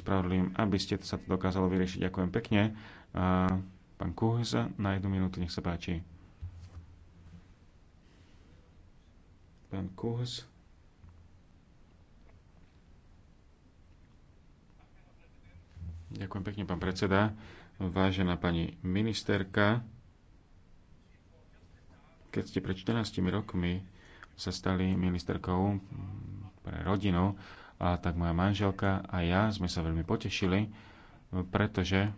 spravodlivým, aby ste sa to dokázalo vyriešiť. Ďakujem pekne. Pán Kuhs, na jednu minútu, nech sa páči. Pán Kuhs. Ďakujem pekne, pán predseda. Vážená pani ministerka, keď ste pred 14 rokmi sa stali ministerkou pre rodinu, a tak moja manželka a ja sme sa veľmi potešili, pretože e,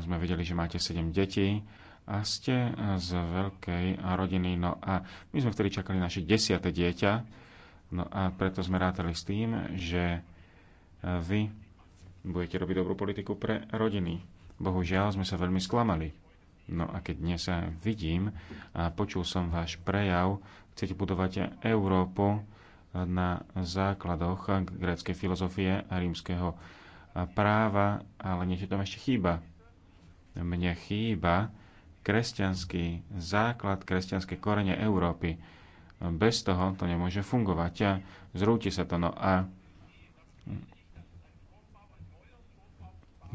sme vedeli, že máte 7 detí a ste z veľkej rodiny. No a my sme vtedy čakali naše desiate dieťa, no a preto sme rátali s tým, že e, vy budete robiť dobrú politiku pre rodiny. Bohužiaľ sme sa veľmi sklamali. No a keď dnes sa vidím a počul som váš prejav, chcete budovať Európu, na základoch gréckej filozofie a rímskeho práva, ale niečo tam ešte chýba. Mne chýba kresťanský základ, kresťanské korene Európy. Bez toho to nemôže fungovať. A zrúti sa to. No a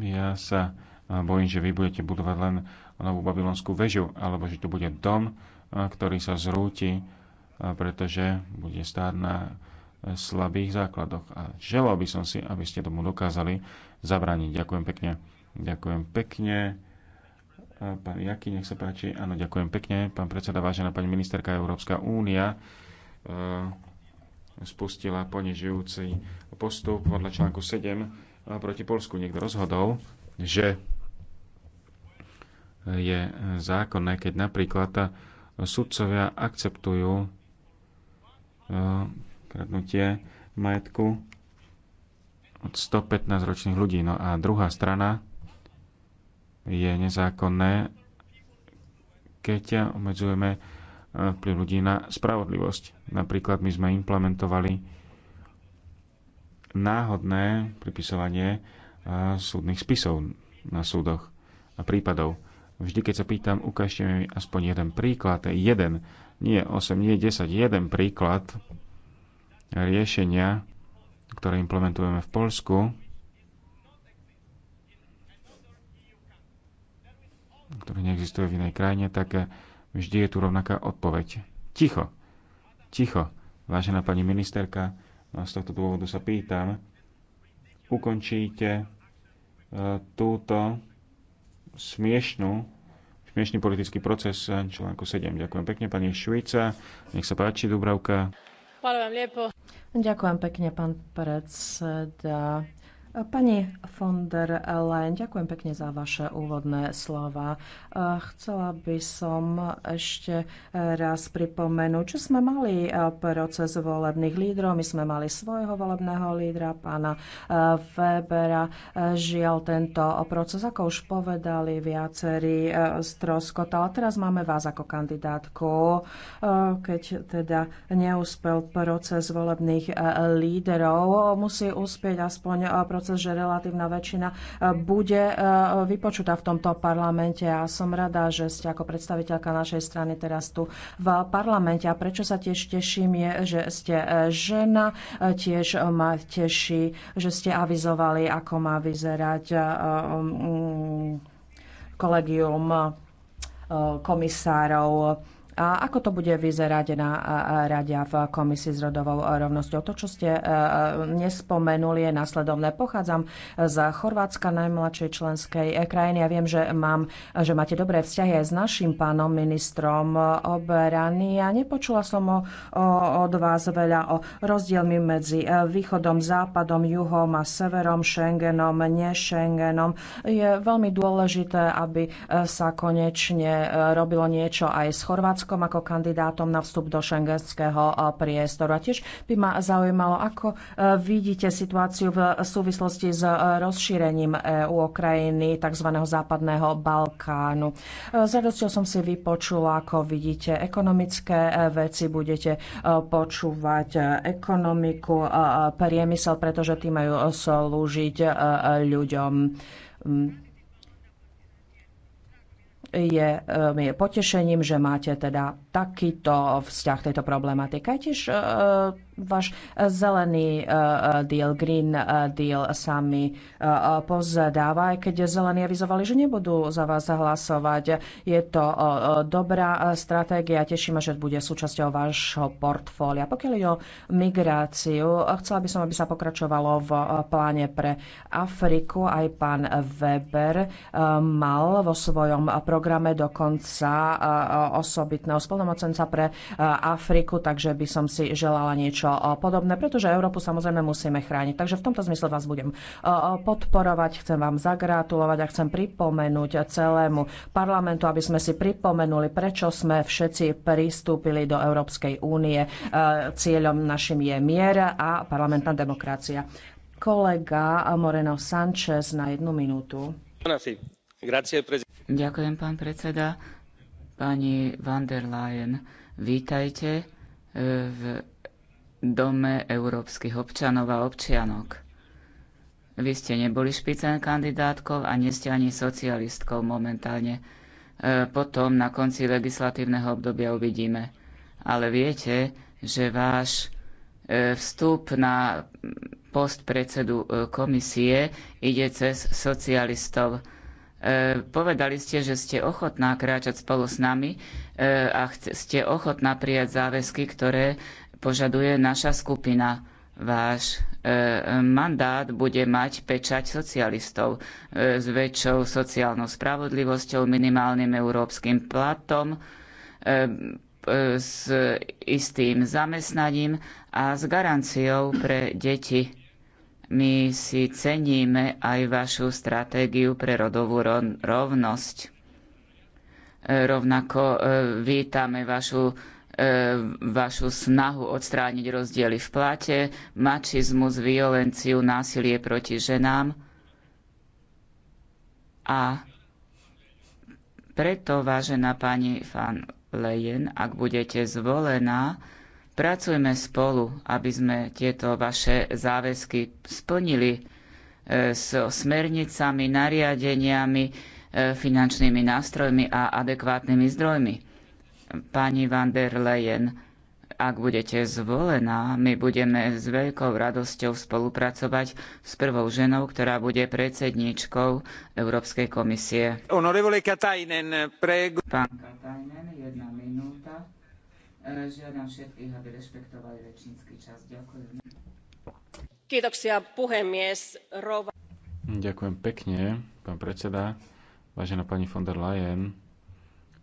ja sa bojím, že vy budete budovať len novú babylonskú väžu, alebo že tu bude dom, ktorý sa zrúti pretože bude stáť na slabých základoch. A želal by som si, aby ste tomu dokázali zabrániť. Ďakujem pekne. Ďakujem pekne. Pán Jaký, nech sa páči. Áno, ďakujem pekne. Pán predseda, vážená pani ministerka Európska únia e, spustila ponižujúci postup podľa článku 7 proti Polsku. Niekto rozhodol, že je zákonné, keď napríklad sudcovia akceptujú kradnutie majetku od 115 ročných ľudí. No a druhá strana je nezákonné, keď obmedzujeme vplyv ľudí na spravodlivosť. Napríklad my sme implementovali náhodné pripisovanie súdnych spisov na súdoch a prípadov. Vždy, keď sa pýtam, ukážte mi aspoň jeden príklad, jeden nie 8, nie 10, jeden príklad riešenia, ktoré implementujeme v Polsku, ktoré neexistuje v inej krajine, tak eh, vždy je tu rovnaká odpoveď. Ticho, ticho, vážená pani ministerka, no, z tohto dôvodu sa pýtam, ukončíte eh, túto smiešnú dnešný politický proces eh, článku 7. Ďakujem pekne, pani Švica. Nech sa páči, Dubravka. Ďakujem pekne, pán predseda. Pani von der Leyen, ďakujem pekne za vaše úvodné slova. Chcela by som ešte raz pripomenúť, čo sme mali proces volebných lídrov. My sme mali svojho volebného lídra, pána Webera. Žiaľ, tento proces, ako už povedali viacerí, stroskotal. Teraz máme vás ako kandidátku. Keď teda neúspel proces volebných lídrov, musí uspieť aspoň proces proces, že relatívna väčšina e, bude e, vypočutá v tomto parlamente a som rada, že ste ako predstaviteľka našej strany teraz tu v parlamente. A prečo sa tiež teším je, že ste e, žena, tiež ma teší, že ste avizovali, ako má vyzerať kolegium komisárov a ako to bude vyzerať na radia v komisii s rodovou rovnosťou? To, čo ste nespomenuli, je následovné. Pochádzam z Chorvátska, najmladšej členskej e, krajiny. Ja viem, že, mám, že máte dobré vzťahy aj s našim pánom ministrom obrany. Ja nepočula som o, o, od vás veľa o rozdielmi medzi e, východom, západom, juhom a severom, Schengenom, ne Schengenom. Je veľmi dôležité, aby e, sa konečne robilo niečo aj s Chorvátskom Slovenskom ako kandidátom na vstup do šengenského eh, priestoru. A tiež by ma zaujímalo, ako eh, vidíte situáciu v súvislosti s eh, rozšírením EU o krajiny tzv. západného Balkánu. Z radosťou som si vypočula, ako vidíte ekonomické veci, budete počúvať ekonomiku, priemysel, pretože tým majú slúžiť ľuďom. Mm je, um, je potešením, že máte teda takýto vzťah tejto problematike. Tiež váš eh, zelený eh, eh, deal, green deal sami pozdáva, aj keď zelení avizovali, že nebudú za vás hlasovať. Je to dobrá stratégia, teším ma, že bude súčasťou vášho portfólia. Pokiaľ je o migráciu, chcela by som, aby sa pokračovalo v pláne pre Afriku. Aj pán Weber mal vo svojom programe dokonca osobitného spolnomocenca pre Afriku, takže by som si želala niečo niečo eh, podobné, pretože Európu samozrejme musíme chrániť. Takže v tomto zmysle vás budem eh, podporovať, chcem vám zagratulovať a chcem pripomenúť celému parlamentu, aby sme si pripomenuli, prečo sme všetci pristúpili do Európskej únie. Eh, cieľom našim je mier a parlamentná demokracia. Kolega Moreno Sanchez na jednu minútu. Ďakujem, pán predseda. Pani van der Leyen, vítajte v dome európskych občanov a občianok. Vy ste neboli špicen kandidátkov a nie ste ani socialistkou momentálne. E, potom na konci legislatívneho obdobia uvidíme. Ale viete, že váš e, vstup na post predsedu e, komisie ide cez socialistov. E, povedali ste, že ste ochotná kráčať spolu s nami e, a ste ochotná prijať záväzky, ktoré požaduje naša skupina. Váš e, mandát bude mať pečať socialistov e, s väčšou sociálnou spravodlivosťou, minimálnym európskym platom, e, e s istým zamestnaním a s garanciou pre deti. My si ceníme aj vašu stratégiu pre rodovú rovnosť. E, rovnako e, vítame vašu E, vašu snahu odstrániť rozdiely v plate, mačizmus, violenciu, násilie proti ženám. A preto, vážená pani Fan Leyen, ak budete zvolená, pracujme spolu, aby sme tieto vaše záväzky splnili e, s smernicami, nariadeniami, e, finančnými nástrojmi a adekvátnymi zdrojmi. Pani van der Leyen, ak budete zvolená, my budeme s veľkou radosťou spolupracovať s prvou ženou, ktorá bude predsedníčkou Európskej komisie. Honorevole Katainen, prego. Pán Katainen, jedna minúta. E, žiadam všetkých, aby rešpektovali rečnícky čas. Ďakujem. Kiitoksia puhemies. Rova... Ďakujem pekne, pán predseda. Vážená pani von der Leyen,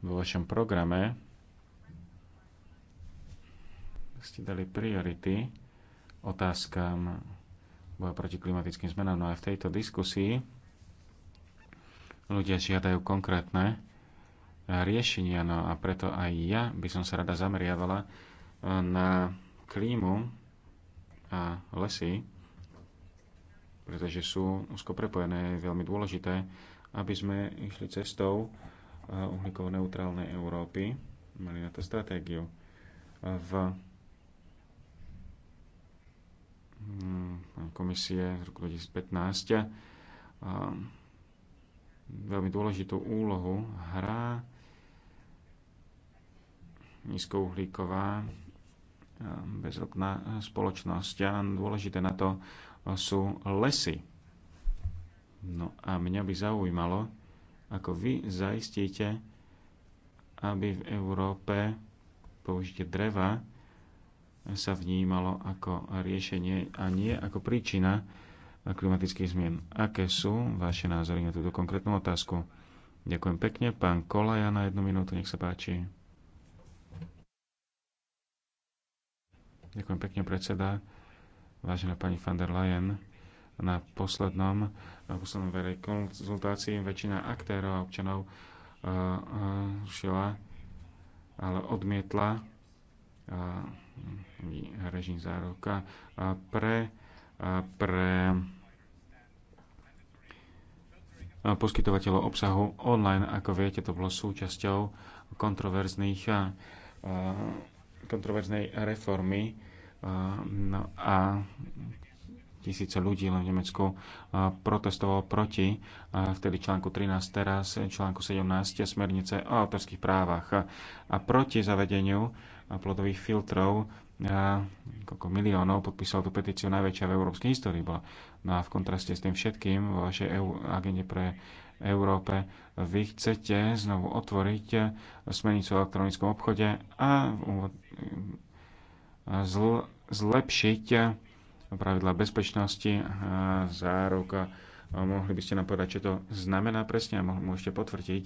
vo vašom programe ste dali priority otázkam boja proti klimatickým zmenám. No aj v tejto diskusii ľudia žiadajú konkrétne riešenia, no a preto aj ja by som sa rada zameriavala e, na klímu a lesy, pretože sú úzko prepojené, je veľmi dôležité, aby sme išli cestou e, uhlíkovo neutrálnej Európy, mali na to stratégiu. V Mm, komisie z roku 2015 veľmi dôležitú úlohu hrá nízkouhlíková bezropná spoločnosť a dôležité na to sú lesy. No a mňa by zaujímalo, ako vy zaistíte, aby v Európe použite dreva sa vnímalo ako riešenie a nie ako príčina klimatických zmien. Aké sú vaše názory na túto konkrétnu otázku? Ďakujem pekne. Pán Kolaja na jednu minútu, nech sa páči. Ďakujem pekne, predseda. Vážená pani van der Leyen, na poslednom, na poslednom verej konzultácii väčšina aktérov a občanov uh, uh, šila, ale odmietla režim zároka. pre, pre poskytovateľov obsahu online. Ako viete, to bolo súčasťou kontroverzných, kontroverznej reformy. No a tisíce ľudí len v Nemecku protestovalo proti vtedy článku 13, teraz článku 17 smernice o autorských právach a proti zavedeniu plodových filtrov koľko miliónov podpísal tú petíciu najväčšia v európskej histórii bola. No a v kontraste s tým všetkým vo vašej EU, agende pre Európe vy chcete znovu otvoriť smernicu o elektronickom obchode a zl- zlepšiť pravidla bezpečnosti a záruka. Mohli by ste nám povedať, čo to znamená presne a môžete potvrdiť,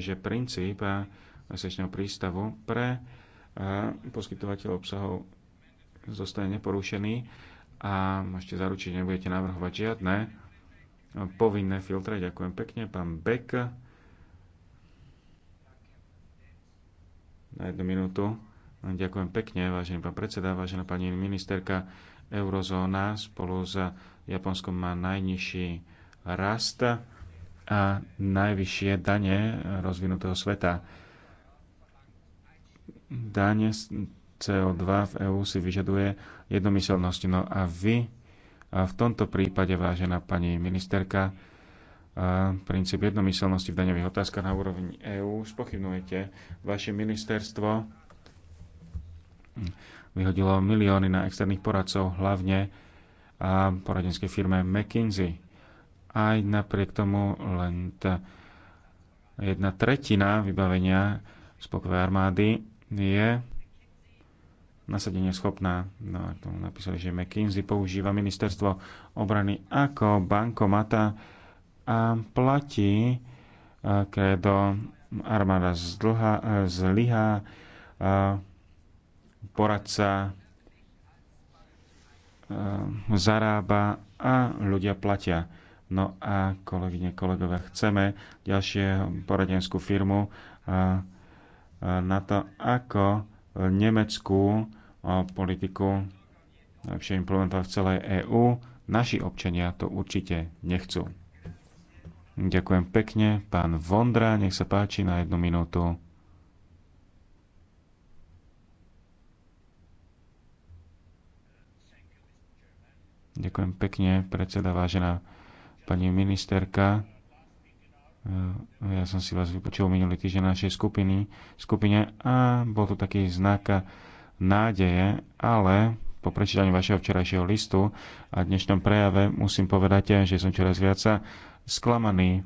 že princíp mesečného prístavu pre poskytovateľ obsahov zostane neporušený a môžete zaručiť, že nebudete navrhovať žiadne povinné filtre. Ďakujem pekne, pán Beck. Na jednu minútu. Ďakujem pekne, vážený pán predseda, vážená pani ministerka. Eurozóna spolu s Japonskom má najnižší rast a najvyššie dane rozvinutého sveta. Dane CO2 v EÚ si vyžaduje jednomyselnosť. No a vy a v tomto prípade, vážená pani ministerka, a princíp jednomyselnosti v daňových otázkach na úrovni EÚ spochybnujete. Vaše ministerstvo vyhodilo milióny na externých poradcov, hlavne a poradenskej firme McKinsey. Aj napriek tomu len tá jedna tretina vybavenia spolkovej armády je nasadenie schopná. No a tomu napísali, že McKinsey používa ministerstvo obrany ako bankomata a platí eh, kredo armáda zlyhá, poradca ehm, zarába a ľudia platia. No a kolegyne, kolegové, chceme ďalšie poradenskú firmu na to, ako nemeckú politiku lepšie implementovať v celej EÚ. Naši občania to určite nechcú. Ďakujem pekne. Pán Vondra, nech sa páči na jednu minútu. Ďakujem pekne, predseda, vážená pani ministerka. Ja som si vás vypočul minulý týždeň na našej skupiny, skupine a bol tu taký znak nádeje, ale po prečítaní vašeho včerajšieho listu a dnešnom prejave musím povedať, že som čoraz viac sklamaný.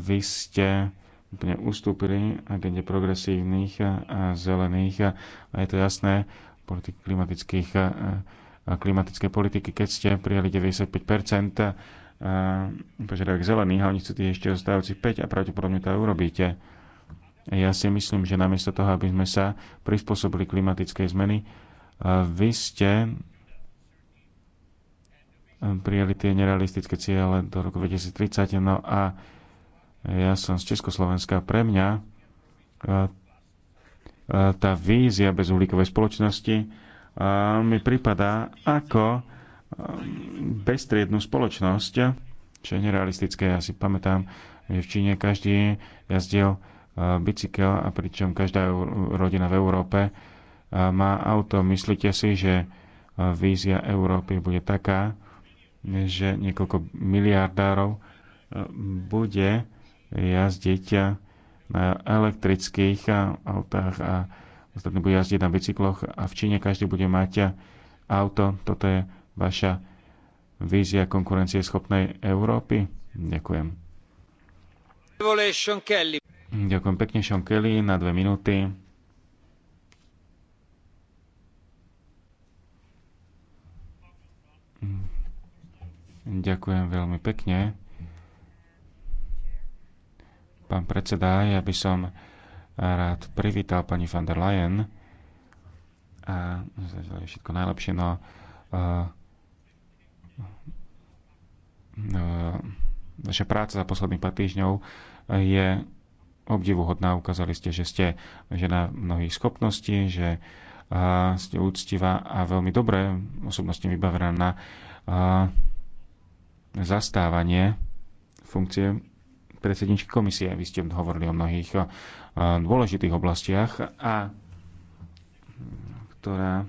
Vy ste úplne ustúpili agende progresívnych a zelených a je to jasné, politik klimatických klimatickej politiky, keď ste prijali 95 požiadavek zelených a oni chcú tých ešte zostávajúcich 5 a pravdepodobne to aj urobíte. Ja si myslím, že namiesto toho, aby sme sa prispôsobili klimatickej zmeny, vy ste prijali tie nerealistické ciele do roku 2030. No a ja som z Československa. Pre mňa tá vízia bez uhlíkovej spoločnosti mi pripadá ako um, bestriednú spoločnosť, čo je nerealistické. Ja si pamätám, že v Číne každý jazdil uh, bicykel a pričom každá rodina v Európe uh, má auto. Myslíte si, že uh, vízia Európy bude taká, že niekoľko miliardárov bude jazdiť na elektrických autách a ostatní budú jazdiť na bicykloch a v Číne každý bude mať auto. Toto je vaša vízia konkurencie schopnej Európy? Ďakujem. Ďakujem pekne, Sean Kelly, na dve minúty. Ďakujem veľmi pekne. Pán predseda, ja by som rád privítal pani van der Leyen a zažil všetko najlepšie, no uh, vaša práca za posledných pár týždňov je obdivuhodná. Ukázali ste, že ste žena mnohých schopností, že ste úctivá a veľmi dobré osobnosti vybavená na zastávanie funkcie predsedničky komisie. Vy ste hovorili o mnohých eh, dôležitých oblastiach a ktorá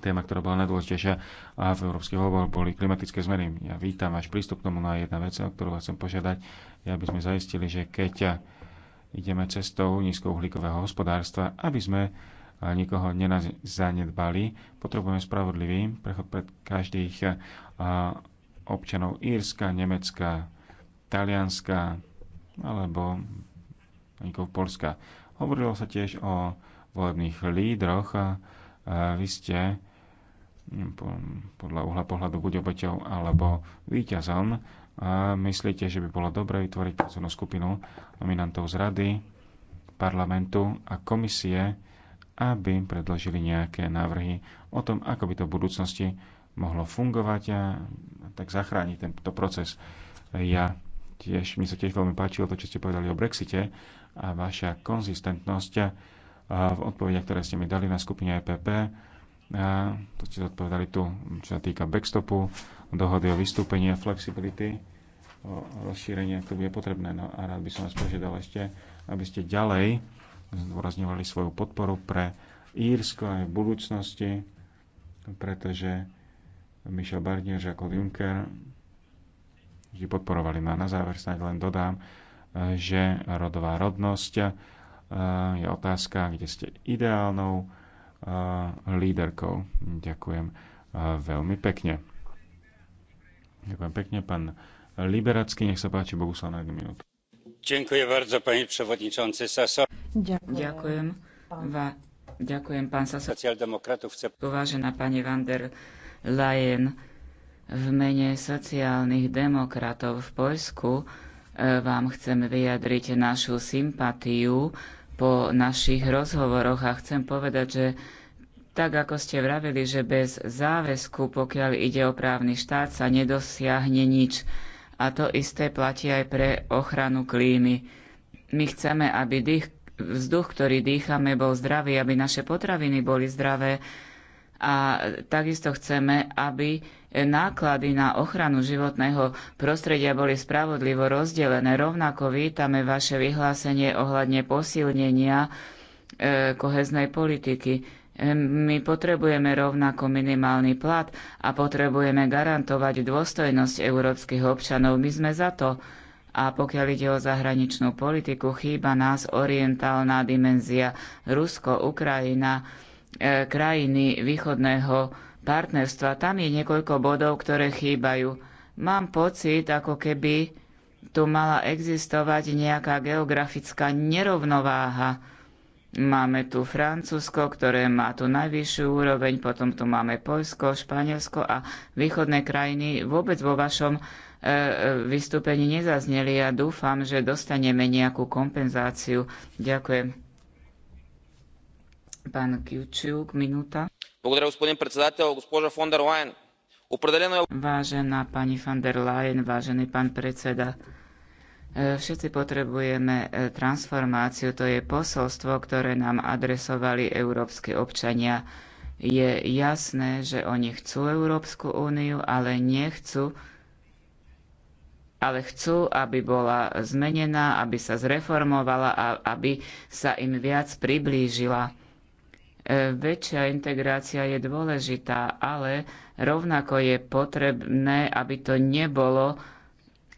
téma, ktorá bola najdôležitejšia a v európskych voľbách boli klimatické zmeny. Ja vítam váš prístup k tomu na jedna vec, o ktorú vás chcem požiadať, ja by sme zaistili, že keď ideme cestou nízkouhlíkového hospodárstva, aby sme eh, nikoho nenazanedbali, potrebujeme spravodlivý prechod pred každých eh, občanov Írska, Nemecka, Talianska alebo podnikov Polska. Hovorilo sa tiež o volebných lídroch. a Vy ste hm, podľa uhla pohľadu buď obeťou alebo víťazom. Myslíte, že by bolo dobre vytvoriť pracovnú skupinu nominantov z rady, parlamentu a komisie, aby predložili nejaké návrhy o tom, ako by to v budúcnosti mohlo fungovať a tak zachrániť tento proces. Ja tiež, mi sa tiež veľmi páčilo to, čo ste povedali o Brexite a vaša konzistentnosť v odpovediach, ktoré ste mi dali na skupine EPP. A to ste odpovedali tu, čo sa týka backstopu, dohody o vystúpení a flexibility, o rozšírenie, ak to bude potrebné. No a rád by som vás požiadal ešte, aby ste ďalej zdôrazňovali svoju podporu pre Írsko aj v budúcnosti, pretože Michel Barnier, Jacques Juncker vždy podporovali. No a na záver snáď len dodám, eh, že rodová rodnosť eh, je otázka, kde ste ideálnou eh, líderkou. Ďakujem veľmi pekne. Ďakujem pekne, pán Liberacký. Nech sa páči, Boguslav, na jednu minútu. Ďakujem bardzo, pani przewodniczący Sasa. Ďakujem. Va, ďakujem, pán Sasa. Socialdemokratov chce... Uvážená pani van der Leyen, v mene sociálnych demokratov v Poľsku e, vám chcem vyjadriť našu sympatiu po našich rozhovoroch a chcem povedať, že tak ako ste vravili, že bez záväzku, pokiaľ ide o právny štát, sa nedosiahne nič. A to isté platí aj pre ochranu klímy. My chceme, aby dých, vzduch, ktorý dýchame, bol zdravý, aby naše potraviny boli zdravé a takisto chceme, aby náklady na ochranu životného prostredia boli spravodlivo rozdelené. Rovnako vítame vaše vyhlásenie ohľadne posilnenia e, koheznej politiky. E, my potrebujeme rovnako minimálny plat a potrebujeme garantovať dôstojnosť európskych občanov. My sme za to. A pokiaľ ide o zahraničnú politiku, chýba nás orientálna dimenzia Rusko, Ukrajina, e, krajiny východného partnerstva. Tam je niekoľko bodov, ktoré chýbajú. Mám pocit, ako keby tu mala existovať nejaká geografická nerovnováha. Máme tu Francúzsko, ktoré má tu najvyššiu úroveň, potom tu máme Poľsko, Španielsko a východné krajiny vôbec vo vašom e, e vystúpení nezazneli a ja dúfam, že dostaneme nejakú kompenzáciu. Ďakujem. Pán Kiučiuk, minúta господин председател фон дер лайен определено е. vážená pani von der leyen vážený pán predseda Všetci potrebujeme transformáciu, to je posolstvo, ktoré nám adresovali európske občania. Je jasné, že oni chcú Európsku úniu, ale nechcú, ale chcú, aby bola zmenená, aby sa zreformovala a aby sa im viac priblížila. E, väčšia integrácia je dôležitá, ale rovnako je potrebné, aby to nebolo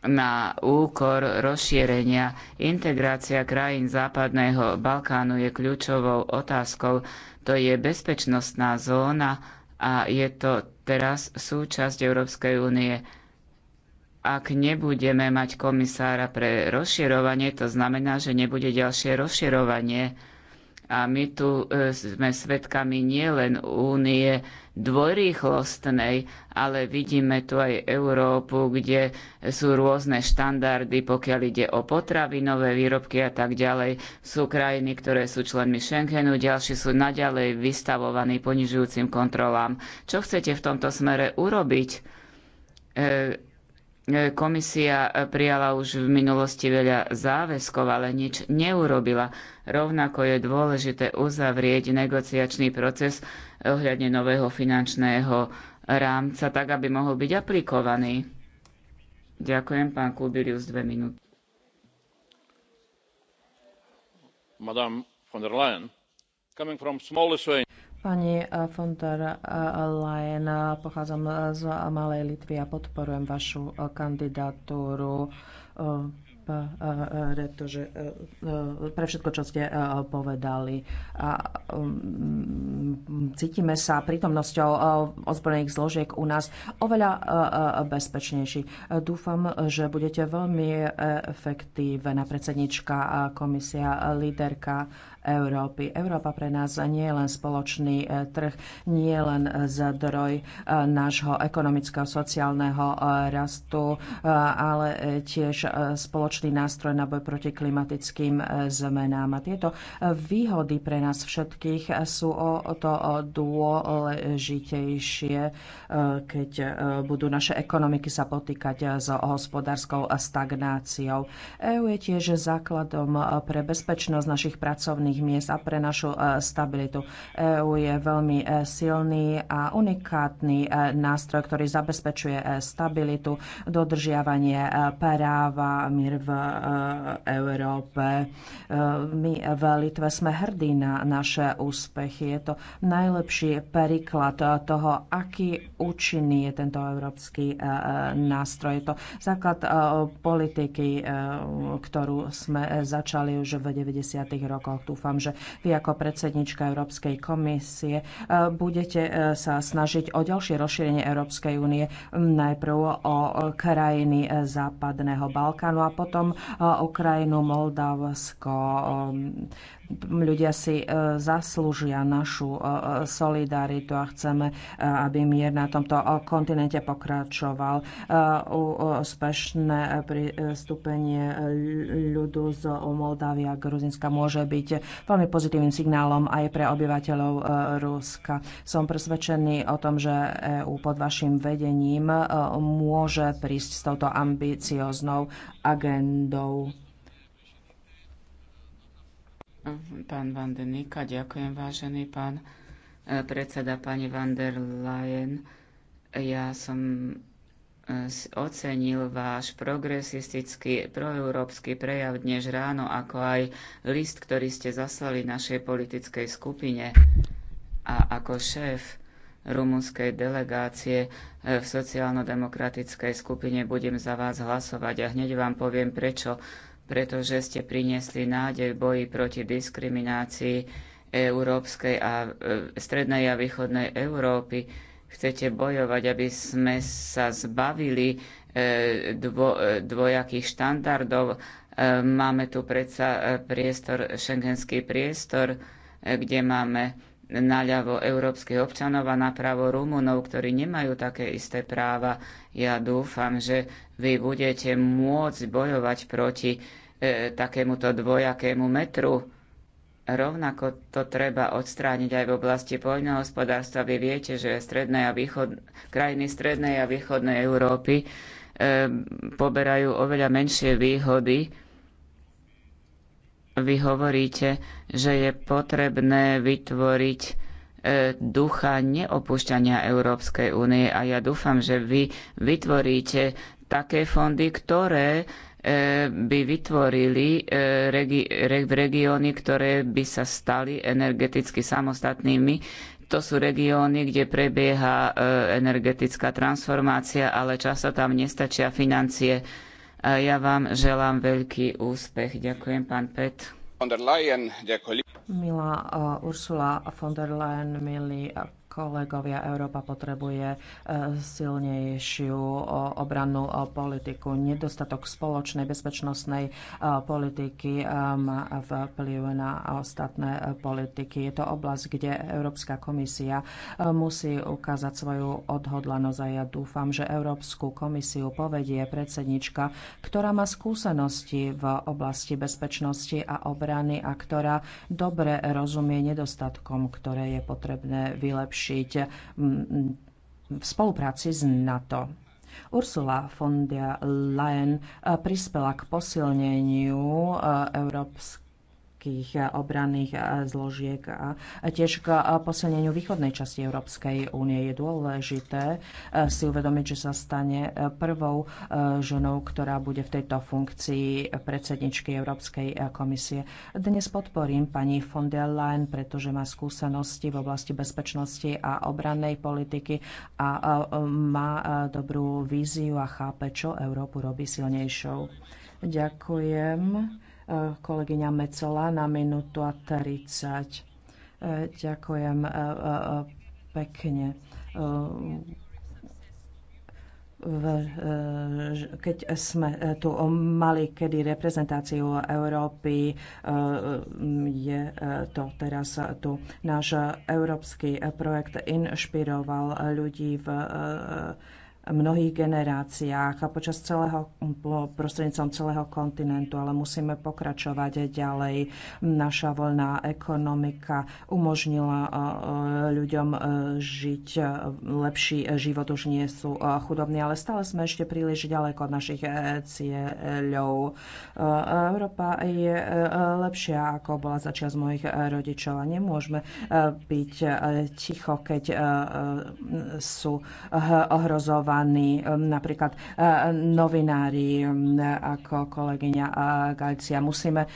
na úkor rozšírenia. Integrácia krajín Západného Balkánu je kľúčovou otázkou. To je bezpečnostná zóna a je to teraz súčasť Európskej únie. Ak nebudeme mať komisára pre rozširovanie, to znamená, že nebude ďalšie rozširovanie. A my tu e, sme svedkami nielen únie dvorýchlostnej, ale vidíme tu aj Európu, kde sú rôzne štandardy, pokiaľ ide o potravinové výrobky a tak ďalej. Sú krajiny, ktoré sú členmi Schengenu, ďalší sú naďalej vystavovaní ponižujúcim kontrolám. Čo chcete v tomto smere urobiť? E E, komisia e, prijala už v minulosti veľa záväzkov, ale nič neurobila. Rovnako je dôležité uzavrieť negociačný proces ohľadne nového finančného rámca, tak aby mohol byť aplikovaný. Ďakujem, pán Kubilius, dve minúty. Madame von der Leyen, coming from small Lithuania. Pani eh, von der eh, Leyen, pochádzam z Malej Litvy eh, a podporujem mm, vašu kandidatúru pretože pre všetko, čo ste povedali. A cítime sa prítomnosťou ozbrojených zložiek u nás oveľa bezpečnejší. Dúfam, že budete veľmi efektívna predsednička, komisia, líderka Európy. Európa pre nás nie je len spoločný e, trh, nie je len e, zdroj e, nášho ekonomického, sociálneho rastu, ale tiež spoločný nástroj na boj proti klimatickým zmenám. A tieto výhody pre nás všetkých sú o to dôležitejšie, keď budú naše ekonomiky sa potýkať s hospodárskou stagnáciou. EU je tiež základom pre bezpečnosť našich pracovných pracovných miest a pre našu e, stabilitu. EÚ je veľmi e, silný a unikátny e, nástroj, ktorý zabezpečuje stabilitu, dodržiavanie práva, mír v Európe. My v Litve sme hrdí na naše úspechy. Je to najlepší príklad toho, aký účinný je tento európsky nástroj. Je to základ politiky, ktorú sme začali už v 90. rokoch. Dúfam, dúfam, že vy ako predsednička Európskej komisie e, budete e, sa snažiť o ďalšie rozšírenie Európskej únie najprv o krajiny e, Západného Balkánu a potom o krajinu Moldavsko, Ľudia si e, zaslúžia našu e, e, solidaritu a chceme, aby mier na tomto kontinente pokračoval. Úspešné pristúpenie ľudu z Moldavia a Gruzinska môže byť veľmi pozitívnym signálom aj pre obyvateľov Ruska. Som presvedčený o tom, že EU pod vašim vedením môže prísť s touto ambicioznou agendou. Pán Van Denika, ďakujem vážený pán eh, predseda pani Van der Leyen. Ja som eh, ocenil váš progresistický proeurópsky prejav dnes ráno, ako aj list, ktorý ste zaslali našej politickej skupine. A ako šéf rumunskej delegácie eh, v sociálno-demokratickej skupine budem za vás hlasovať a hneď vám poviem prečo pretože ste priniesli nádej v boji proti diskriminácii európskej a e, strednej a východnej Európy. Chcete bojovať, aby sme sa zbavili e, dvo, e, dvojakých štandardov. Máme tu predsa priestor, šengenský priestor, kde máme naľavo európskych občanov a napravo Rumunov, ktorí nemajú také isté práva. Ja dúfam, že vy budete môcť bojovať proti e, takémuto dvojakému metru. Rovnako to treba odstrániť aj v oblasti poľnohospodárstva. Vy viete, že strednej a východ, krajiny strednej a východnej Európy e, poberajú oveľa menšie výhody vy hovoríte, že je potrebné vytvoriť e, ducha neopúšťania Európskej únie a ja dúfam, že vy vytvoríte také fondy, ktoré e, by vytvorili e, regi- regióny, ktoré by sa stali energeticky samostatnými. To sú regióny, kde prebieha e, energetická transformácia, ale často tam nestačia financie a ja vám želám veľký úspech. Ďakujem, pán Pet. Milá uh, Ursula von der Leyen, milí uh, Kolegovia, Európa potrebuje e, silnejšiu obrannú politiku. Nedostatok spoločnej bezpečnostnej e, politiky e, má vplyv na ostatné politiky. Je to oblasť, kde Európska komisia musí ukázať svoju odhodlanosť a ja dúfam, že Európsku komisiu povedie predsednička, ktorá má skúsenosti v oblasti bezpečnosti a obrany a ktorá dobre rozumie nedostatkom, ktoré je potrebné vylepšiť zlepšiť mm, mm, v spolupráci s NATO. Ursula von der Leyen eh, prispela k posilneniu eh, európskej európskych eh, obranných eh, zložiek a tiež k eh, posilneniu východnej časti Európskej únie. Je dôležité si uvedomiť, že sa stane prvou ženou, ktorá bude v tejto funkcii predsedničky Európskej komisie. Dnes podporím pani von der Leyen, pretože má skúsenosti v oblasti bezpečnosti a obrannej politiky a má dobrú víziu a chápe, čo Európu robí silnejšou. Ďakujem kolegyňa Mecola na minútu a 30. E, ďakujem e, e, pekne keď sme tu mali kedy reprezentáciu Európy, je to teraz tu. Náš európsky projekt inšpiroval ľudí v mnohých generáciách a počas celého, prostrednícom celého kontinentu, ale musíme pokračovať ďalej. Naša voľná ekonomika umožnila e, e, ľuďom e, žiť lepší život, už nie sú chudobní, ale stále sme ešte príliš ďaleko od našich cieľov. Európa je lepšia, ako bola začias mojich rodičov a nemôžeme byť ticho, keď sú ohrozovaní zainteresovaní, napríklad e, novinári ako kolegyňa e, Galcia. Musíme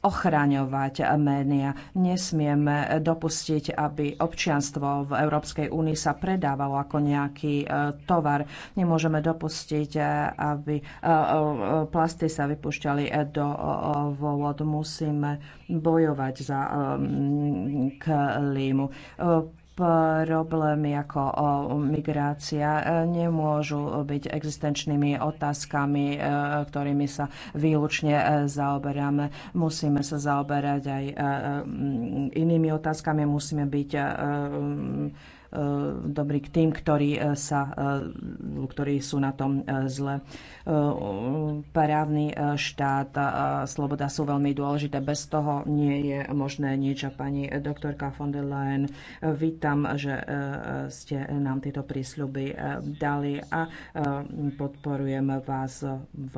ochraňovať média. Nesmieme dopustiť, aby občianstvo v Európskej únii sa predávalo ako nejaký e, tovar. Nemôžeme dopustiť, aby plasty sa vypušťali do vôd. Musíme bojovať za klímu problémy ako migrácia e, nemôžu byť existenčnými otázkami, e, ktorými sa výlučne e, zaoberáme. Musíme sa zaoberať aj inými otázkami, musíme byť E, dobrý k tým, ktorí, e, sa, e, ktorí sú na tom zle. Právny štát a sloboda sú veľmi dôležité. Bez toho nie je možné nič. A pani doktorka von der Leyen, vítam, že ste nám tieto prísľuby dali a podporujem vás v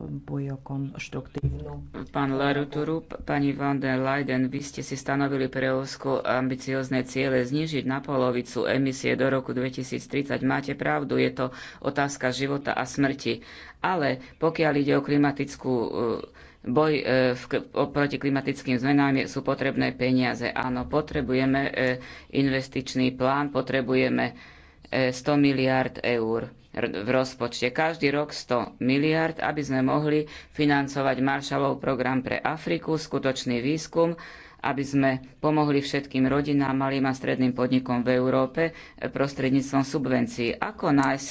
boji o konštruktívnu. Pán Laruturu, pani von der Leyen, vy ste si stanovili pre ambiciozne ciele znižiť na polovicu emisie do roku 2030. Máte pravdu, je to otázka života a smrti. Ale pokiaľ ide o klimatickú e, boj e, v, proti klimatickým zmenám sú potrebné peniaze. Áno, potrebujeme e, investičný plán, potrebujeme 100 miliard eur v rozpočte. Každý rok 100 miliard, aby sme mohli financovať Marshallov program pre Afriku, skutočný výskum, aby sme pomohli všetkým rodinám, malým a stredným podnikom v Európe prostredníctvom subvencií. Ako nájsť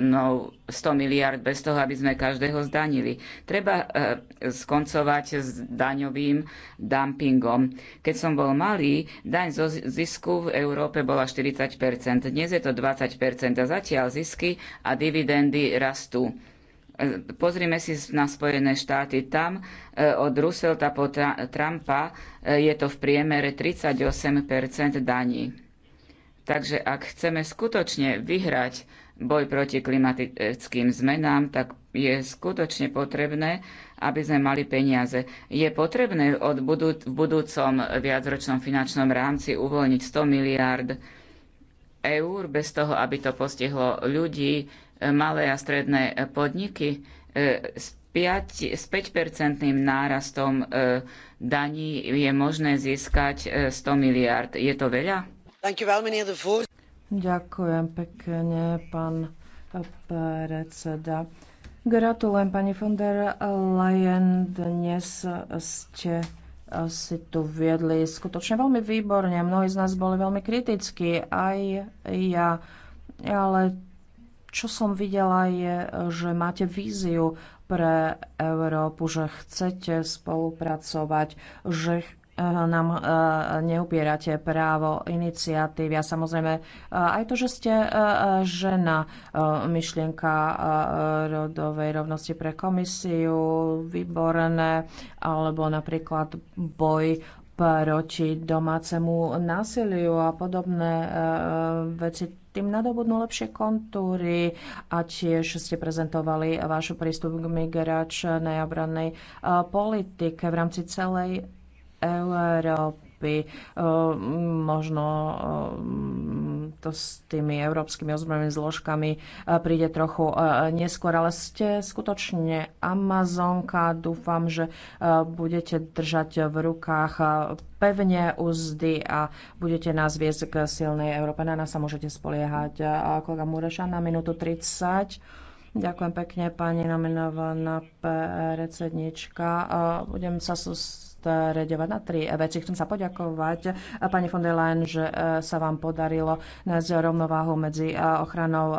100, miliónov, 100 miliard bez toho, aby sme každého zdanili? Treba e, skoncovať s daňovým dumpingom. Keď som bol malý, daň zo zisku v Európe bola 40 dnes je to 20 a zatiaľ zisky a dividendy rastú. Pozrime si na Spojené štáty. Tam e, od Roosevelta po Trumpa e, je to v priemere 38 daní. Takže ak chceme skutočne vyhrať boj proti klimatickým zmenám, tak je skutočne potrebné, aby sme mali peniaze. Je potrebné od budú- v budúcom viacročnom finančnom rámci uvoľniť 100 miliárd eur bez toho, aby to postihlo ľudí, e, malé a stredné e, podniky e, s 5, s 5-percentným nárastom daní je možné získať 100 miliard. Je to veľa? Ďakujem pekne, pán predseda. Gratulujem, pani von der Leyen, dnes ste si tu viedli skutočne veľmi výborne. Mnohí z nás boli veľmi kritickí, aj ja. Ale čo som videla je, že máte víziu pre Európu, že chcete spolupracovať, že E, nám e, neupierate právo iniciatívy a samozrejme e, aj to, že ste žena, myšlienka rodovej rovnosti pre komisiu, výborné, alebo napríklad boj proti domácemu násiliu a podobné veci tým nadobudnú lepšie kontúry a tiež ste prezentovali váš prístup k migračnej obrannej politike v rámci celej Európy. Možno to s tými európskymi ozbrojenými zložkami e, príde trochu e, neskôr, ale ste skutočne Amazonka. Dúfam, že e, budete držať v rukách pevne úzdy a budete nás viesť k silnej Európe. Na nás sa môžete spoliehať. A kolega Mureša na minútu 30. Ďakujem pekne, pani nominovaná predsednička. Budem sa sústrediť sústredovať na tri veci. Chcem sa poďakovať, eh, pani von der Leyen, že eh, sa vám podarilo nájsť rovnováhu medzi eh, ochranou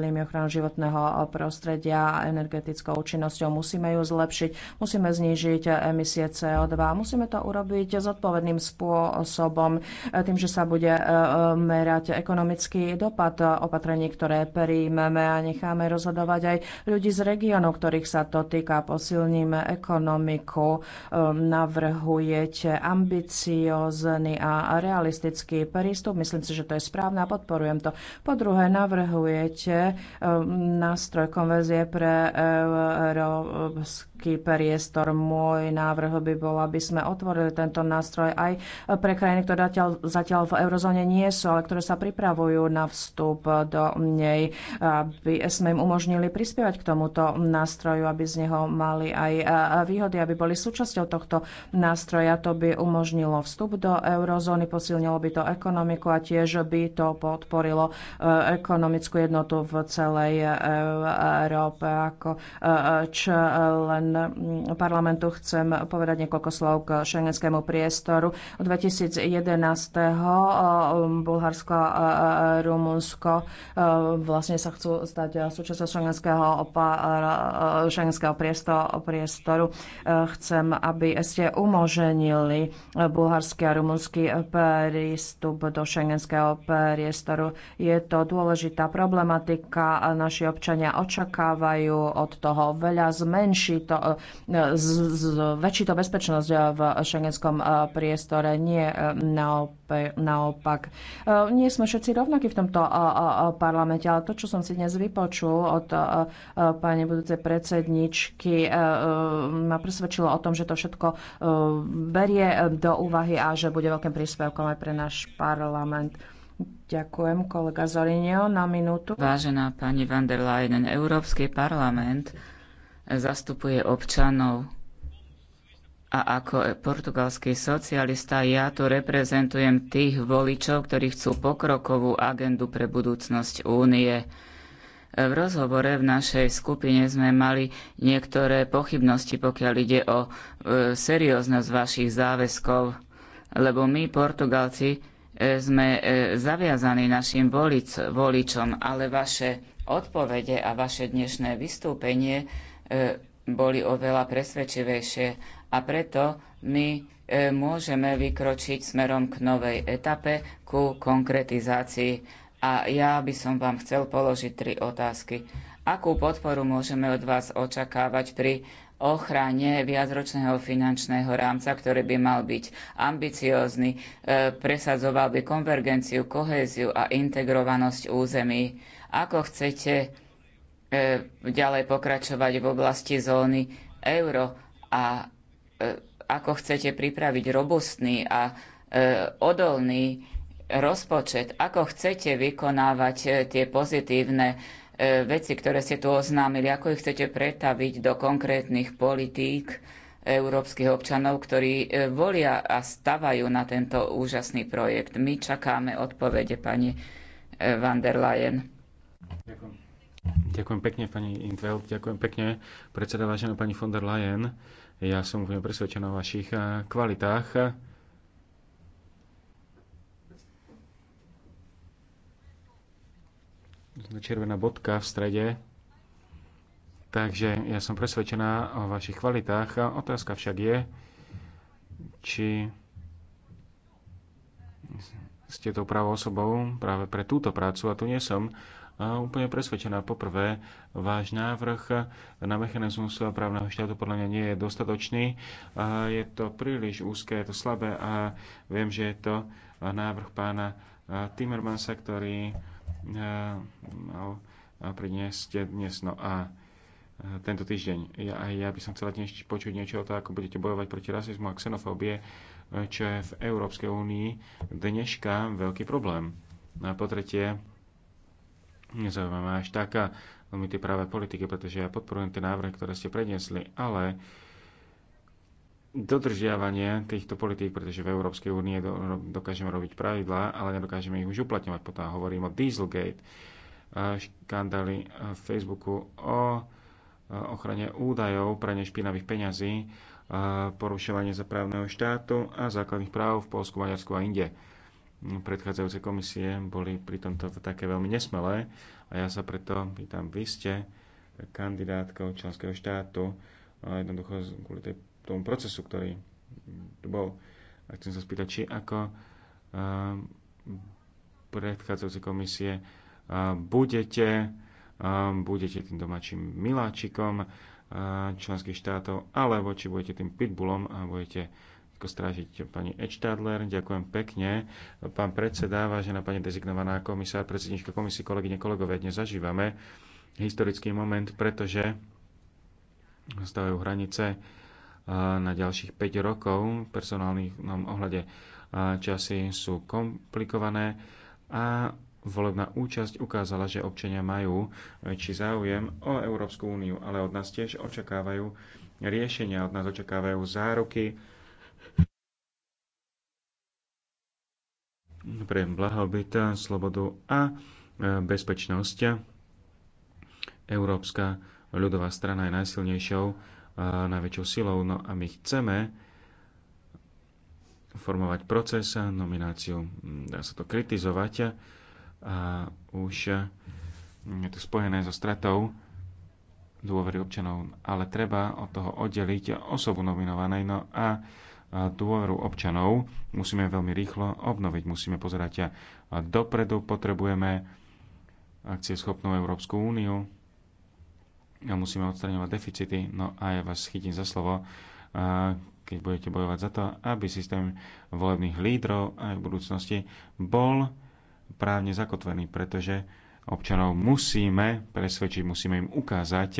limi ochranou životného prostredia a energetickou účinnosťou. Musíme ju zlepšiť, musíme znížiť emisie CO2, musíme to urobiť zodpovedným spôsobom, tým, že sa bude merať ekonomický dopad opatrení, ktoré príjmeme a necháme rozhodovať aj ľudí z regiónu, ktorých sa to týka. Posilníme ekonomiku, Ehm, navrhujete ambiciózny a realistický prístup. Myslím si, že to je správne a podporujem to. Po druhé, navrhujete ehm, nástroj konverzie pre ehm, aký priestor. Môj návrh by bol, aby sme otvorili tento nástroj aj pre krajiny, ktoré zatiaľ, zatiaľ v eurozóne nie sú, ale ktoré sa pripravujú na vstup do nej, aby sme im umožnili prispievať k tomuto nástroju, aby z neho mali aj výhody, aby boli súčasťou tohto nástroja. To by umožnilo vstup do eurozóny, posilnilo by to ekonomiku a tiež by to podporilo e, ekonomickú jednotu v celej e, Európe ako e, člen parlamentu chcem povedať niekoľko slov k šengenskému priestoru. Od 2011. Eh, Bulharsko a eh, eh, Rumunsko vlastne sa chcú stať súčasťou šengenského, šengenského priestoru. Chcem, aby ste umoženili bulharský a rumunský prístup do šengenského priestoru. Je to dôležitá problematika. Naši občania očakávajú od toho veľa. Zmenší to možno zväčší to bezpečnosť v šengenskom eh, priestore, nie eh, naopak. Eh, nie sme všetci rovnakí v tomto parlamente, ale to, čo som si dnes vypočul od pani budúcej predsedničky, ma presvedčilo o tom, že to všetko berie do úvahy a že bude veľkým príspevkom aj pre náš parlament. Ďakujem, kolega Zorinio, na minútu. Vážená pani van der Leyen, Európsky parlament zastupuje občanov. A ako portugalský socialista ja tu reprezentujem tých voličov, ktorí chcú pokrokovú agendu pre budúcnosť únie. V rozhovore v našej skupine sme mali niektoré pochybnosti, pokiaľ ide o e, serióznosť vašich záväzkov, lebo my, Portugalci, e, sme e, zaviazaní našim volič, voličom, ale vaše odpovede a vaše dnešné vystúpenie E, boli oveľa presvedčivejšie a preto my e, môžeme vykročiť smerom k novej etape, ku konkretizácii. A ja by som vám chcel položiť tri otázky. Akú podporu môžeme od vás očakávať pri ochrane viacročného finančného rámca, ktorý by mal byť ambiciózny, e, presadzoval by konvergenciu, kohéziu a integrovanosť území. Ako chcete E, ďalej pokračovať v oblasti zóny euro a e, ako chcete pripraviť robustný a e, odolný rozpočet, ako chcete vykonávať tie pozitívne veci, ktoré ste tu oznámili, ako ich chcete pretaviť do konkrétnych politík európskych občanov, ktorí volia a stavajú na tento úžasný projekt. My čakáme odpovede pani van der Leyen. Ďakujem. Ďakujem pekne, pani Intveld, ďakujem pekne, predseda vážená pani von der Leyen. Ja som úplne presvedčená o vašich eh, kvalitách. červená bodka v strede. Takže ja som presvedčená o vašich kvalitách. otázka však je, či ste tou pravou osobou práve pre túto prácu a tu nie som úplne presvedčená. Poprvé, váš návrh na mechanizmus právneho štátu podľa mňa nie je dostatočný. Je to príliš úzké, je to slabé a viem, že je to návrh pána Timmermansa, ktorý eh, mal priniesť dnes. No a eh, tento týždeň. Ja, ja by som chcela dnes počuť niečo o to, ako budete bojovať proti rasizmu a xenofóbie, eh, čo je v Európskej únii dneška veľký problém. No a po tretie, ma až taká veľmi tie práve politiky, pretože ja podporujem tie návrhy, ktoré ste predniesli, ale dodržiavanie týchto politík, pretože v Európskej únie dokážeme robiť pravidlá, ale nedokážeme ich už uplatňovať. Potom hovorím o Dieselgate, škandály v Facebooku o ochrane údajov, pranie nešpinavých peňazí, porušovanie za právneho štátu a základných práv v Polsku, Maďarsku a inde predchádzajúce komisie boli pri tomto také veľmi nesmelé a ja sa preto pýtam, vy ste kandidátkou členského štátu a jednoducho kvôli tej, tomu procesu, ktorý tu bol. A chcem sa spýtať, či ako predchádzajúce komisie budete, budete tým domáčim miláčikom členských štátov, alebo či budete tým pitbullom a budete ako strážiť pani Edštadler. Ďakujem pekne. Pán predseda, vážená pani dezignovaná komisár, predsednička komisie, kolegyne, kolegové, dnes zažívame historický moment, pretože stavajú hranice na ďalších 5 rokov v personálnom ohľade. Časy sú komplikované a volebná účasť ukázala, že občania majú väčší záujem o Európsku úniu, ale od nás tiež očakávajú riešenia, od nás očakávajú záruky, pre blahobyta, slobodu a e, bezpečnosť. Európska ľudová strana je najsilnejšou, e, najväčšou silou, no a my chceme formovať proces, nomináciu, dá sa to kritizovať a už e, je to spojené so stratou dôvery občanov, ale treba od toho oddeliť osobu nominovanej, no a dôveru občanov musíme veľmi rýchlo obnoviť. Musíme pozerať a dopredu, potrebujeme schopnú Európsku úniu a musíme odstraňovať deficity. No a ja vás chytím za slovo, keď budete bojovať za to, aby systém volebných lídrov aj v budúcnosti bol právne zakotvený, pretože občanov musíme presvedčiť, musíme im ukázať,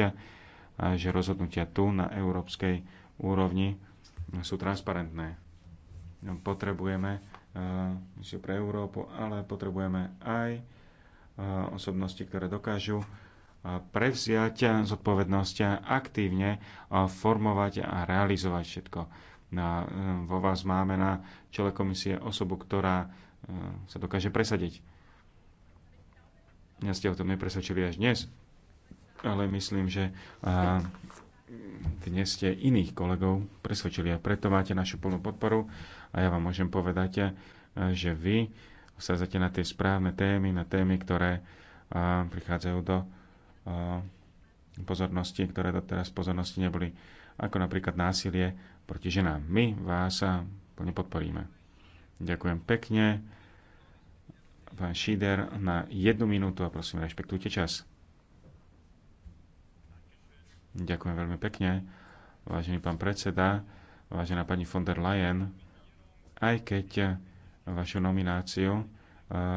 že rozhodnutia tu na európskej úrovni sú transparentné. Potrebujeme eh, že pre Európu, ale potrebujeme aj eh, osobnosti, ktoré dokážu eh, prevziať zodpovednosť aktívne formovať a realizovať všetko. Na, vo vás máme na čele komisie osobu, ktorá sa dokáže presadiť. Ja ste o tom nepresvedčili až dnes, ale myslím, že dnes ste iných kolegov presvedčili a preto máte našu plnú podporu a ja vám môžem povedať, eh, že vy vsádzate na tie správne témy, na témy, ktoré eh, prichádzajú do eh, pozornosti, ktoré doteraz pozornosti neboli, ako napríklad násilie proti ženám. My vás plne podporíme. Ďakujem pekne. Pán Šíder, na jednu minútu a prosím, rešpektujte čas. Ďakujem veľmi pekne, vážený pán predseda, vážená pani von der Leyen. Aj keď vašu nomináciu e,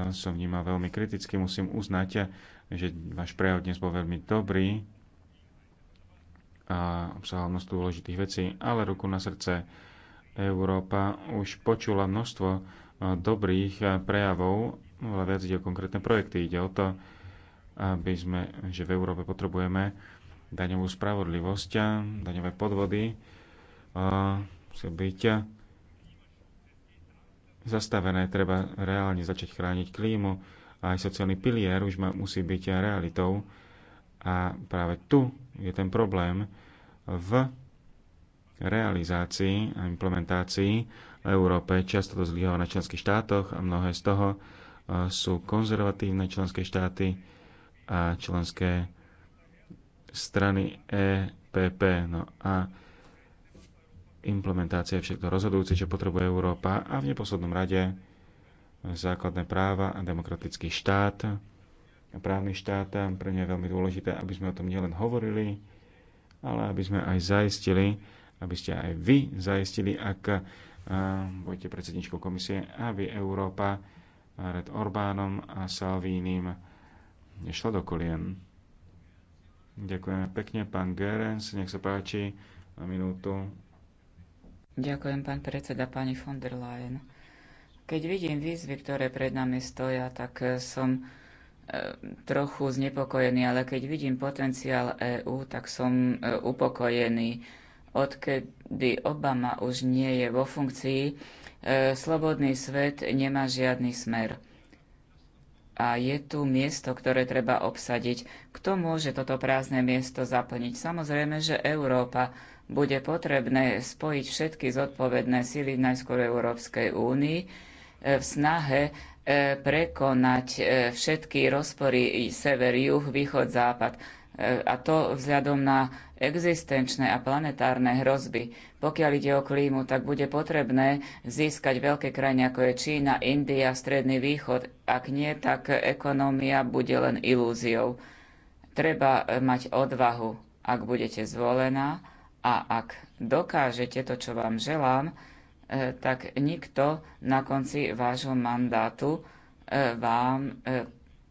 som vnímal veľmi kriticky, musím uznať, že váš prejav dnes bol veľmi dobrý a obsahal množstvo dôležitých vecí, ale ruku na srdce Európa už počula množstvo e, dobrých e, prejavov, ale viac ide o konkrétne projekty. Ide o to, aby sme, že v Európe potrebujeme daňovú spravodlivosť, daňové podvody musia byť zastavené. Treba reálne začať chrániť klímu a aj sociálny pilier už musí byť realitou. A práve tu je ten problém v realizácii a implementácii v Európe. Často to zlyháva na členských štátoch a mnohé z toho sú konzervatívne členské štáty a členské strany EPP. No a implementácia je všetko rozhodujúce, čo potrebuje Európa a v neposlednom rade základné práva a demokratický štát a právny štát. Pre mňa je veľmi dôležité, aby sme o tom nielen hovorili, ale aby sme aj zaistili, aby ste aj vy zaistili, ak budete predsedničkou komisie, aby Európa pred Orbánom a Salvínim nešla do kolien. Ďakujeme pekne, pán Gerens, nech sa páči na minútu. Ďakujem, pán predseda, pani von der Leyen. Keď vidím výzvy, ktoré pred nami stoja, tak eh, som eh, trochu znepokojený, ale keď vidím potenciál EÚ, tak som eh, upokojený. Odkedy Obama už nie je vo funkcii, slobodný svet nemá žiadny smer a je tu miesto, ktoré treba obsadiť. Kto môže toto prázdne miesto zaplniť? Samozrejme, že Európa. Bude potrebné spojiť všetky zodpovedné sily najskôr Európskej únii e, v snahe e, prekonať e, všetky rozpory sever, juh, východ, západ. E, a to vzhľadom na existenčné a planetárne hrozby. Pokiaľ ide o klímu, tak bude potrebné získať veľké krajiny, ako je Čína, India, Stredný východ. Ak nie, tak ekonómia bude len ilúziou. Treba e, mať odvahu, ak budete zvolená a ak dokážete to, čo vám želám, e, tak nikto na konci vášho mandátu vám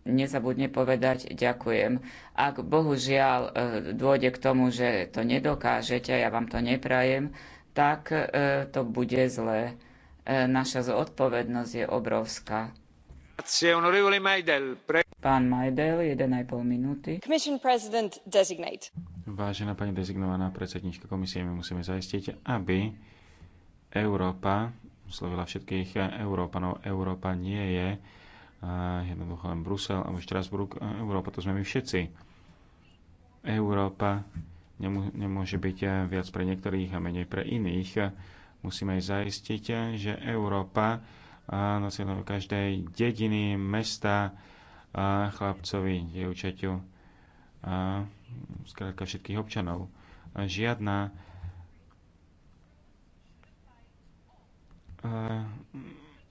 nezabudne povedať ďakujem. Ak bohužiaľ e, dôjde k tomu, že to nedokážete, ja vám to neprajem, tak e, to bude zlé. E, naša zodpovednosť je obrovská. Pán Majdel, 1,5 minúty. Vážená pani dezignovaná predsedníčka komisie, my musíme zaistiť, aby Európa, slovila všetkých Európanov, Európa nie je jednoducho len Brusel alebo Štrasburg a Európa, to sme my všetci. Európa nemôže byť eh, viac pre niektorých a menej pre iných. Musíme aj zaistiť, eh, že Európa eh, na každej dediny, mesta, a chlapcovi, dievčaťu, a zkrátka všetkých občanov. A žiadna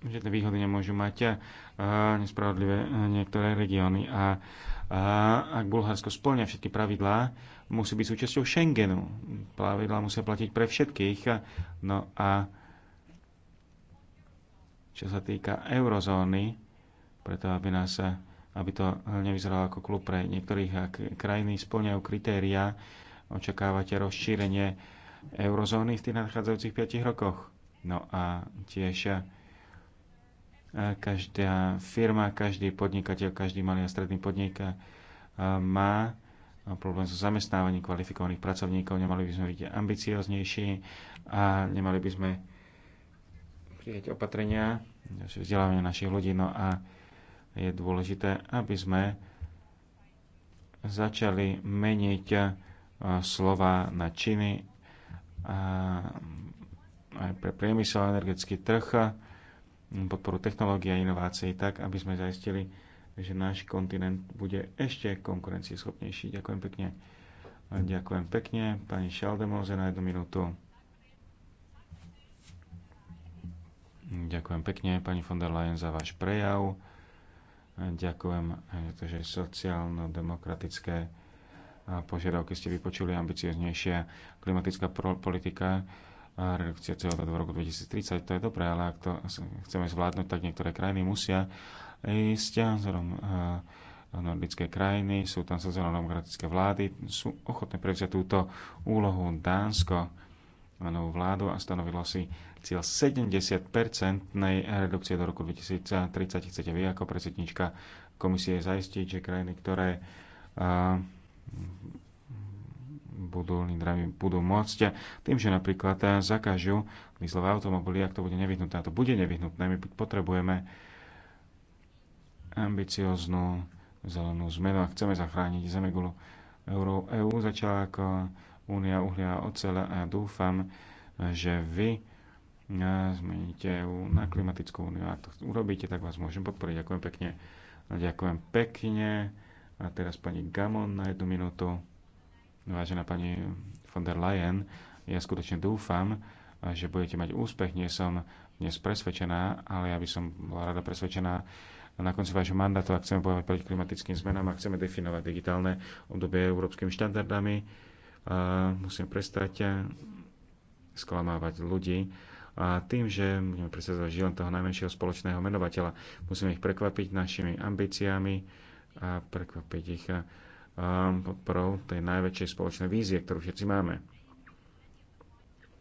žiadne výhody nemôžu mať nespravodlivé e, niektoré regióny. A, a ak Bulharsko splňa všetky pravidlá, musí byť súčasťou Schengenu. Pravidlá musia platiť pre všetkých. No a čo sa týka eurozóny, preto aby nás aby to nevyzeralo ako klub pre niektorých krajiny, splňajú kritéria, očakávate rozšírenie eurozóny v tých nadchádzajúcich 5 rokoch. No a tiež Každá firma, každý podnikateľ, každý malý a stredný podnik má problém so zamestnávaním kvalifikovaných pracovníkov. Nemali by sme byť ambicioznejší a nemali by sme prijať opatrenia vzdelávania našich ľudí. No a je dôležité, aby sme začali meniť slova na činy a aj pre priemysel a energetický trh podporu technológií a inovácií tak, aby sme zaistili, že náš kontinent bude ešte konkurencieschopnejší. Ďakujem pekne. Ďakujem pekne. Pani Šaldemoze na jednu minútu. Ďakujem pekne, pani von der Leyen, za váš prejav. Ďakujem, že sociálno-demokratické požiadavky ste vypočuli ambicioznejšia klimatická politika a redukcia CO2 do roku 2030, to je dobré, ale ak to chceme zvládnuť, tak niektoré krajiny musia ísť vzorom nordické krajiny, sú tam sociálno-demokratické vlády, sú ochotné prevziať túto úlohu Dánsko novú vládu a stanovilo si cieľ 70-percentnej redukcie do roku 2030. Chcete vy ako predsednička komisie zaistiť, že krajiny, ktoré uh, budú, budú môcť tým, že napríklad zakážu myslové automobily, ak to bude nevyhnutné. A to bude nevyhnutné. My potrebujeme ambicioznú zelenú zmenu a chceme zachrániť zemegulu. Euró. EU začala ako Únia uhlia a ocele a dúfam, že vy e, zmeníte EU na klimatickú úniu. Ak to urobíte, tak vás môžem podporiť. Ďakujem pekne. Ďakujem pekne. A teraz pani Gamon na jednu minútu vážená pani von der Leyen, ja skutočne dúfam, že budete mať úspech. Nie som dnes presvedčená, ale ja by som bola rada presvedčená na konci vášho mandátu, ak chceme bojovať proti klimatickým zmenám a chceme definovať digitálne obdobie európskymi štandardami, musím prestať sklamávať ľudí a tým, že budeme presadzovať žilen toho najmenšieho spoločného menovateľa, musíme ich prekvapiť našimi ambíciami a prekvapiť ich podporou tej najväčšej spoločnej vízie, ktorú všetci máme.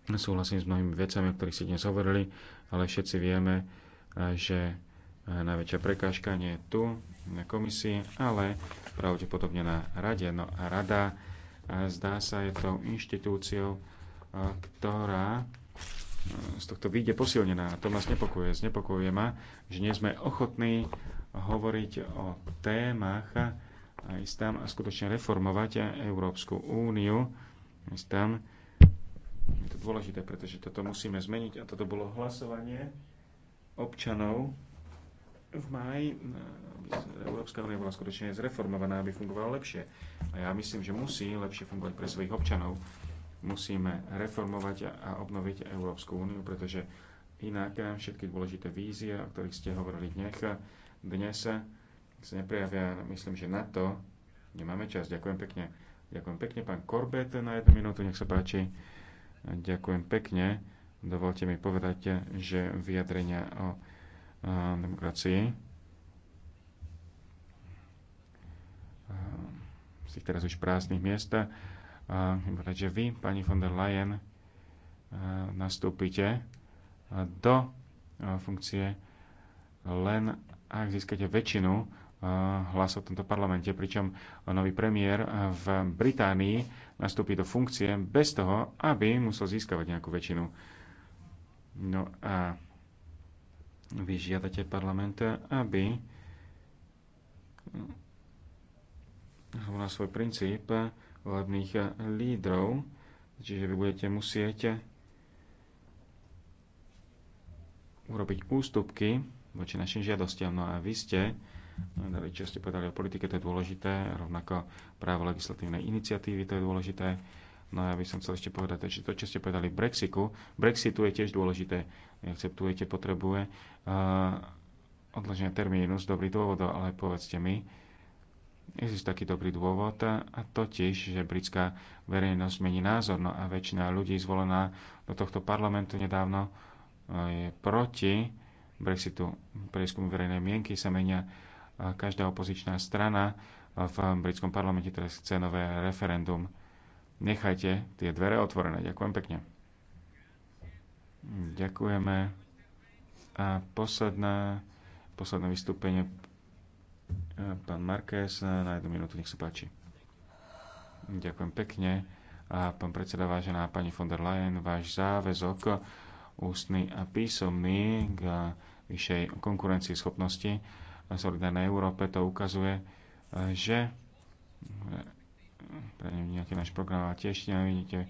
Súhlasím s mnohými vecami, o ktorých ste dnes hovorili, ale všetci vieme, že najväčšia prekážka nie je tu, na komisii, ale pravdepodobne na rade. No a rada zdá sa je tou inštitúciou, ktorá z tohto vyjde posilnená. A to ma znepokojuje. Znepokojuje ma, že nie sme ochotní hovoriť o témach, a ísť tam a skutočne reformovať Európsku úniu. Ísť tam. Je to dôležité, pretože toto musíme zmeniť a toto bolo hlasovanie občanov v máji, aby Európska únia bola skutočne zreformovaná, aby fungovala lepšie. A ja myslím, že musí lepšie fungovať pre svojich občanov. Musíme reformovať a obnoviť Európsku úniu, pretože inak všetky dôležité vízie, o ktorých ste hovorili dnes, dnes sa neprejavia. Myslím, že na to nemáme čas. Ďakujem pekne. Ďakujem pekne, pán Korbet, na jednu minútu, nech sa páči. Ďakujem pekne. Dovolte mi povedať, že vyjadrenia o demokracii z tých teraz už prázdnych miest. Chcem povedať, že vy, pani von der Leyen, nastúpite do funkcie len ak získate väčšinu hlasov v tomto parlamente, pričom nový premiér v Británii nastúpi do funkcie bez toho, aby musel získavať nejakú väčšinu. No a vy žiadate parlament, aby na svoj princíp volebných lídrov, čiže vy budete musieť urobiť ústupky voči našim žiadostiam. No a vy ste čo no, ste povedali o politike, to je dôležité, rovnako právo legislatívnej iniciatívy, to je dôležité. No ja by som chcel ešte povedať, že to, čo ste povedali Brexiku, Brexitu je tiež dôležité. Akceptujete, potrebuje uh, eh, odloženia termínu z dobrých dôvodov, ale povedzte mi, existuje taký dobrý dôvod, a totiž, že britská verejnosť mení názor, no a väčšina ľudí zvolená do tohto parlamentu nedávno eh, je proti Brexitu. Prieskumy verejnej mienky sa menia každá opozičná strana v britskom parlamente teraz chce nové referendum. Nechajte tie dvere otvorené. Ďakujem pekne. Ďakujeme. A posledná, posledné vystúpenie pán Markés na jednu minútu, nech sa páči. Ďakujem pekne. A pán predseda, vážená pani von der Leyen, váš záväzok ústny a písomný k vyššej konkurencii schopnosti solidárnej Európe, to ukazuje, e, že e, pre nejaký náš program, ale tiež nevidíte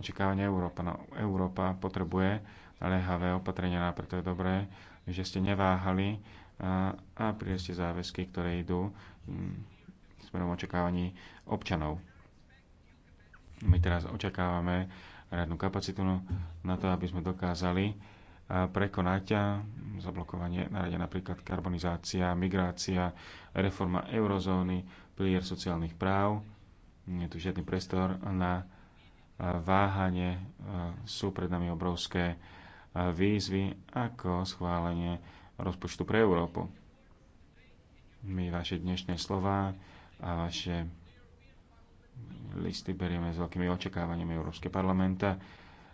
očakávanie Európa. No, Európa potrebuje naliehavé opatrenia, no a preto je dobré, že ste neváhali e, a, a prieste ste záväzky, ktoré idú m, smerom očakávaní občanov. My teraz očakávame radnú kapacitu no, na to, aby sme dokázali prekonať zablokovanie na rade napríklad karbonizácia, migrácia, reforma eurozóny, pilier sociálnych práv. Nie je tu žiadny priestor na váhanie. Sú pred nami obrovské výzvy ako schválenie rozpočtu pre Európu. My vaše dnešné slova a vaše listy berieme s veľkými očakávaniami Európskeho parlamenta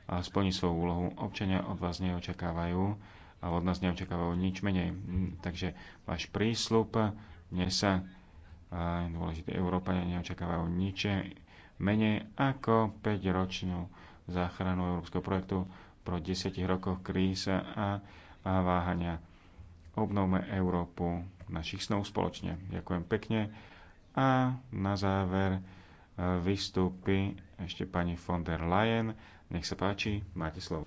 splní svoju úlohu. Občania od vás neočakávajú a od nás neočakávajú nič menej. Mm, takže váš prísľub dnes sa dôležité Európania neočakávajú nič menej ako 5-ročnú záchranu európskeho projektu pro 10 rokoch kríz a, a váhania. Obnovme Európu našich snov spoločne. Ďakujem pekne. A na záver e, vystúpi ešte pani von der Leyen nech sa páči, máte slovo.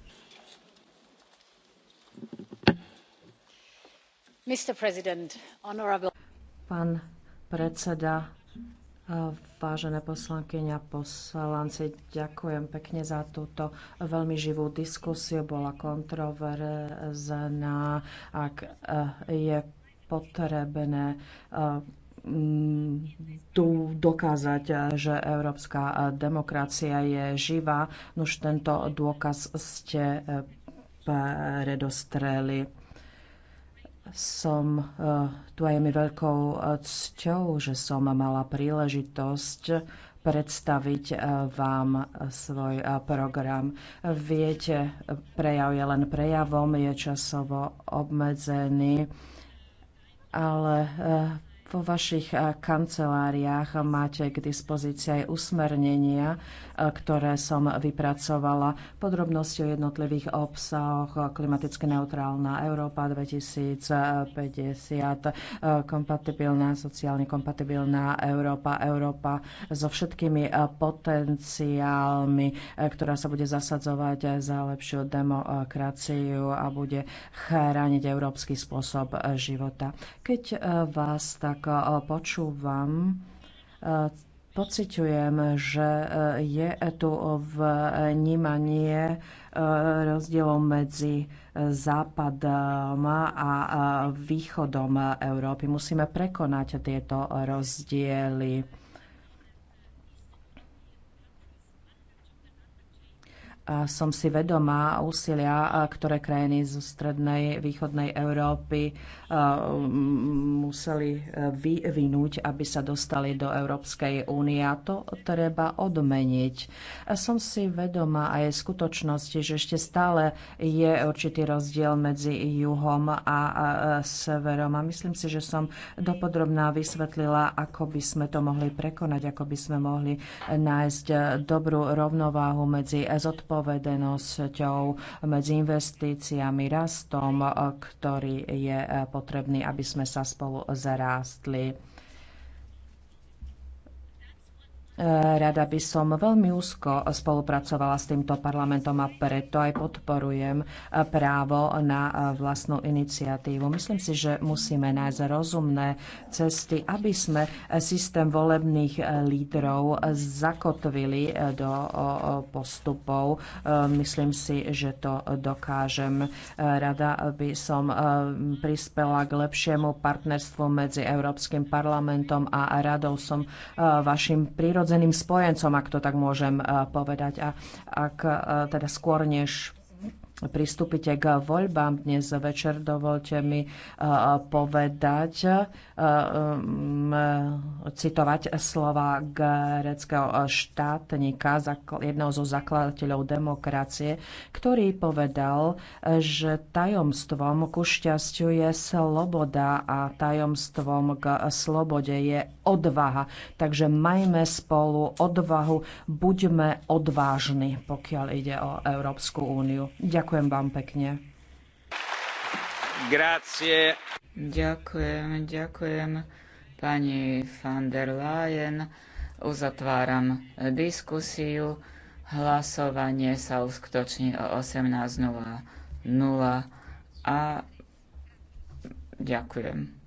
Mr. President, honorable... Pán predseda, Vážené poslankyňa, poslanci, ďakujem pekne za túto veľmi živú diskusiu. Bola kontroverzná, ak eh, je potrebné eh, Mm, tu dokázať, že európska demokracia je živá. Už tento dôkaz ste eh, predostreli. Som, eh, tu aj mi veľkou eh, cťou, že som mala príležitosť predstaviť vám svoj program. Viete, prejav je len prejavom, je časovo obmedzený, ale vo vašich eh, kanceláriách máte k dispozícii aj usmernenia, eh, ktoré som vypracovala. Podrobnosti o jednotlivých obsahoch, eh, klimaticky neutrálna Európa 2050, kompatibilná, sociálne kompatibilná Európa, Európa so všetkými potenciálmi, ktorá sa bude zasadzovať za lepšiu demokraciu a bude chrániť európsky spôsob života. Keď vás tak tak eh, počúvam, eh, pociťujem, že eh, je tu vnímanie rozdielom medzi západom a východom Európy. Musíme prekonať tieto rozdiely som si vedomá úsilia, ktoré krajiny zo strednej, východnej Európy museli e, vyvinúť, aby sa dostali do Európskej únie. A to treba odmeniť. Som si vedomá aj skutočnosti, že ešte stále je určitý rozdiel medzi juhom a severom. A myslím si, že som dopodrobná vysvetlila, ako by sme to mohli prekonať, ako by sme mohli nájsť e, dobrú rovnováhu medzi zodpovednosťou vypovedenosťou, medzi investíciami, rastom, ktorý je potrebný, aby sme sa spolu zarástli. Rada by som veľmi úzko spolupracovala s týmto parlamentom a preto aj podporujem právo na vlastnú iniciatívu. Myslím si, že musíme nájsť rozumné cesty, aby sme systém volebných lídrov zakotvili do postupov. Myslím si, že to dokážem. Rada by som prispela k lepšiemu partnerstvu medzi Európskym parlamentom a radou som vašim prírodzeným prirodzeným spojencom, ak to tak môžem eh, povedať. A ak eh, teda skôr než pristúpite k voľbám dnes večer, dovolte mi e, povedať, e, citovať slova greckého štátnika, jedného zo zakladateľov demokracie, ktorý povedal, že tajomstvom ku šťastiu je sloboda a tajomstvom k slobode je odvaha. Takže majme spolu odvahu, buďme odvážni, pokiaľ ide o Európsku úniu. Ďakujem Ďakujem vám pekne. Grazie. Ďakujem, ďakujem pani van der Leyen. Uzatváram diskusiu. Hlasovanie sa uskutoční o 18.00 a ďakujem.